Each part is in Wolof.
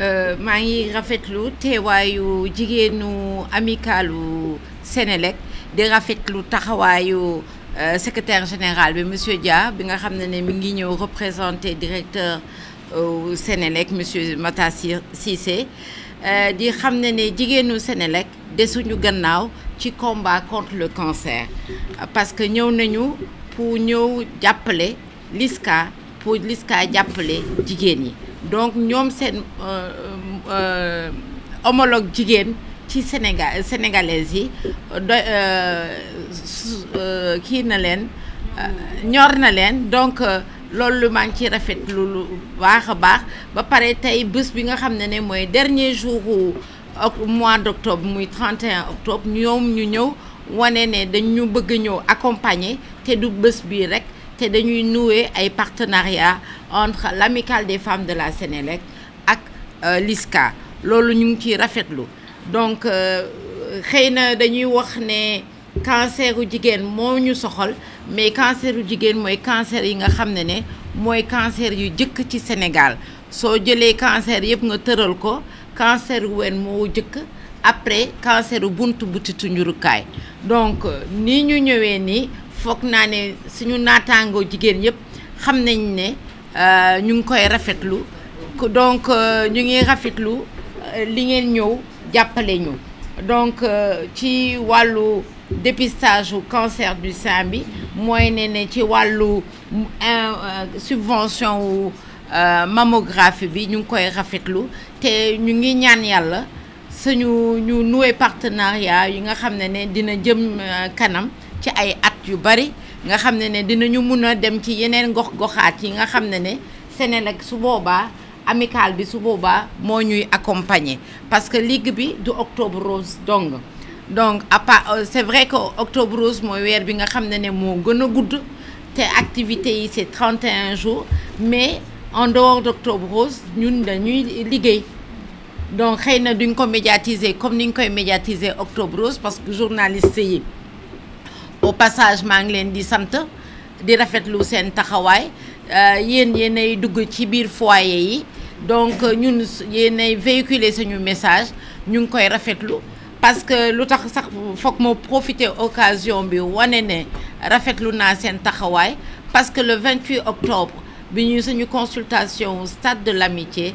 Euh, maa ngi rafetlu teewaayu jigéenu amicalu Sénélec di rafetlu taxawaayu euh, secrétaire général bi monsieur Dia bi nga xam ne ne mi ngi ñëw représenté directeur euh, Sénélec monsieur Mata Cissé di xam ne ne jigéenu Sénélec desuñu gannaaw ci combat contre le cancer parce que ñëw nañu pour ñëw jàppale liska, pour liska jàppale jigéen yi donc ñoom seen euh, euh, homologue jigéen ci Sénégal sénégalaise yi euh, euh, kii na leen euh, ñor na leen donc loolu maa ngi ciy rafet lu lu baax a baax ba pare tey bés bi nga xam ne ne mooy dernier jour mois d' octobre muy 31 octobre ñoom ñu ñëw wane ne ñu bëgg ñëw accompagner te du bés bii rek te dañuy nouer ay partenariat entre l'amicale des femmes de la Sénélec ak euh, l'ISCA loolu ñu ngi ciy rafetlu donc euh, xëy na dañuy wax ne canceru jigéen moo ñu cancer mais canceru jigéen mooy cancer yi nga xam ne ne cancer yu jëkk ci Sénégal soo le cancer yëpp nga cancer ko cancer mo moo après cancer buntu butitu njurukaay donc ni ñu ñëwee foog naa ne suñu naataangoo jigéen yëpp xam nañ ne euh, ñu ngi koy rafetlu donc euh, ñu ngi rafetlu euh, li ngeen ñëw jàppale ñu donc ci wàllu dépistage u cancer du sein bi mooy ne ne ci wàllu subvention wu mammographie bi ñu ngi koy rafetlu te ñu ngi ñaan yàlla suñu ñu noué partenariat yi nga xamné né dina jëm euh, kanam ci ay at yu bari nga xamné né dina ñu mëna dem ci yenen gox goxat yi nga xamné ne ne su boba amical bi su boba mo ñuy accompagner parce que ligue bi du octobre rose dong donc à part euh, c'est vrai que octobre rose moy wër bi nga xamné ne ne moo gën a gudd te activités yi c'est 31 jours mais en dehors d'octobre rose ñun dañuy liggéey donc nous avons duñ ko médiatiser comme nous avons koy Octobre Rose parce que les journalistes, au passage maa ngi leen di sant di rafetlu seen taxawaay euh, yéen yéenay dugg ci biir foyer yi donc nous avons véhiculer ce message ñu fait koy rafetlu parce que lu tax sax profiter occasion l'occasion de faire rafetlu naa parce que le 28 octobre nous avons une consultation au stade de l'amitié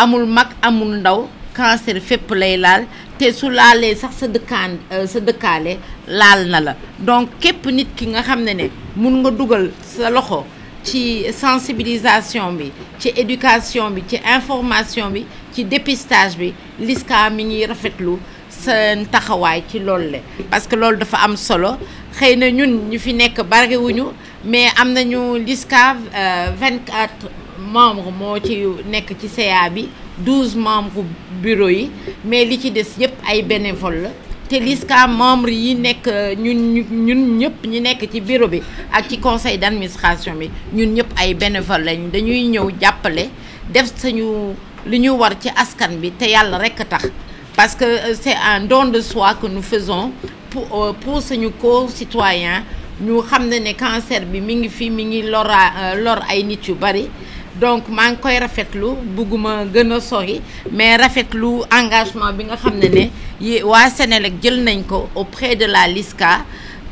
amul mag amul ndaw cancer fépp lay laal te su laalee sax sa dëkkaan euh, sa dëkkaale laal na la donc képp nit ki nga xamné né ne mun nga dugal sa loxo ci sensibilisation bi ci éducation bi ci information bi ci dépistage bi LISCA mi ngi rafetlu seen taxawaay ci loolu la parce que loolu dafa am solo xëy na ñun ñu fi nekk wuñu mais am nañu LISCA 24 euh, membre moo ci nekk ci CA bi douze membres bureau yi mais li ci des yëpp ay bénévole la te LISCA membre yi nekk ñun ñun ñëpp ñi nekk ci bureau bi ak ci conseil d'administration bi ñun ñëpp ay bénévole lañu dañuy ñëw jàppale def sañu li ñu war ci askan bi te yàlla rekk a tax parce que euh, c'est un don de soi que nous faisons pour euh, pour suñu co-citoyen nous xam ne ne cancer bi mi ngi fi mi ngi lor euh, ay nit yu bari donc manko koy rafetlu buguma gën sori mais rafetlu engagement bi nga xamné ne wa yi waa nañ ko auprès de la liska.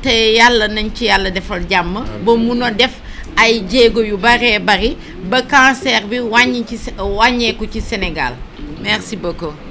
te yalla nañ ci yalla défal jamm bo mëno def ay djégo yu bari bari ba cancer bi wañ ci ko ci Sénégal merci beaucoup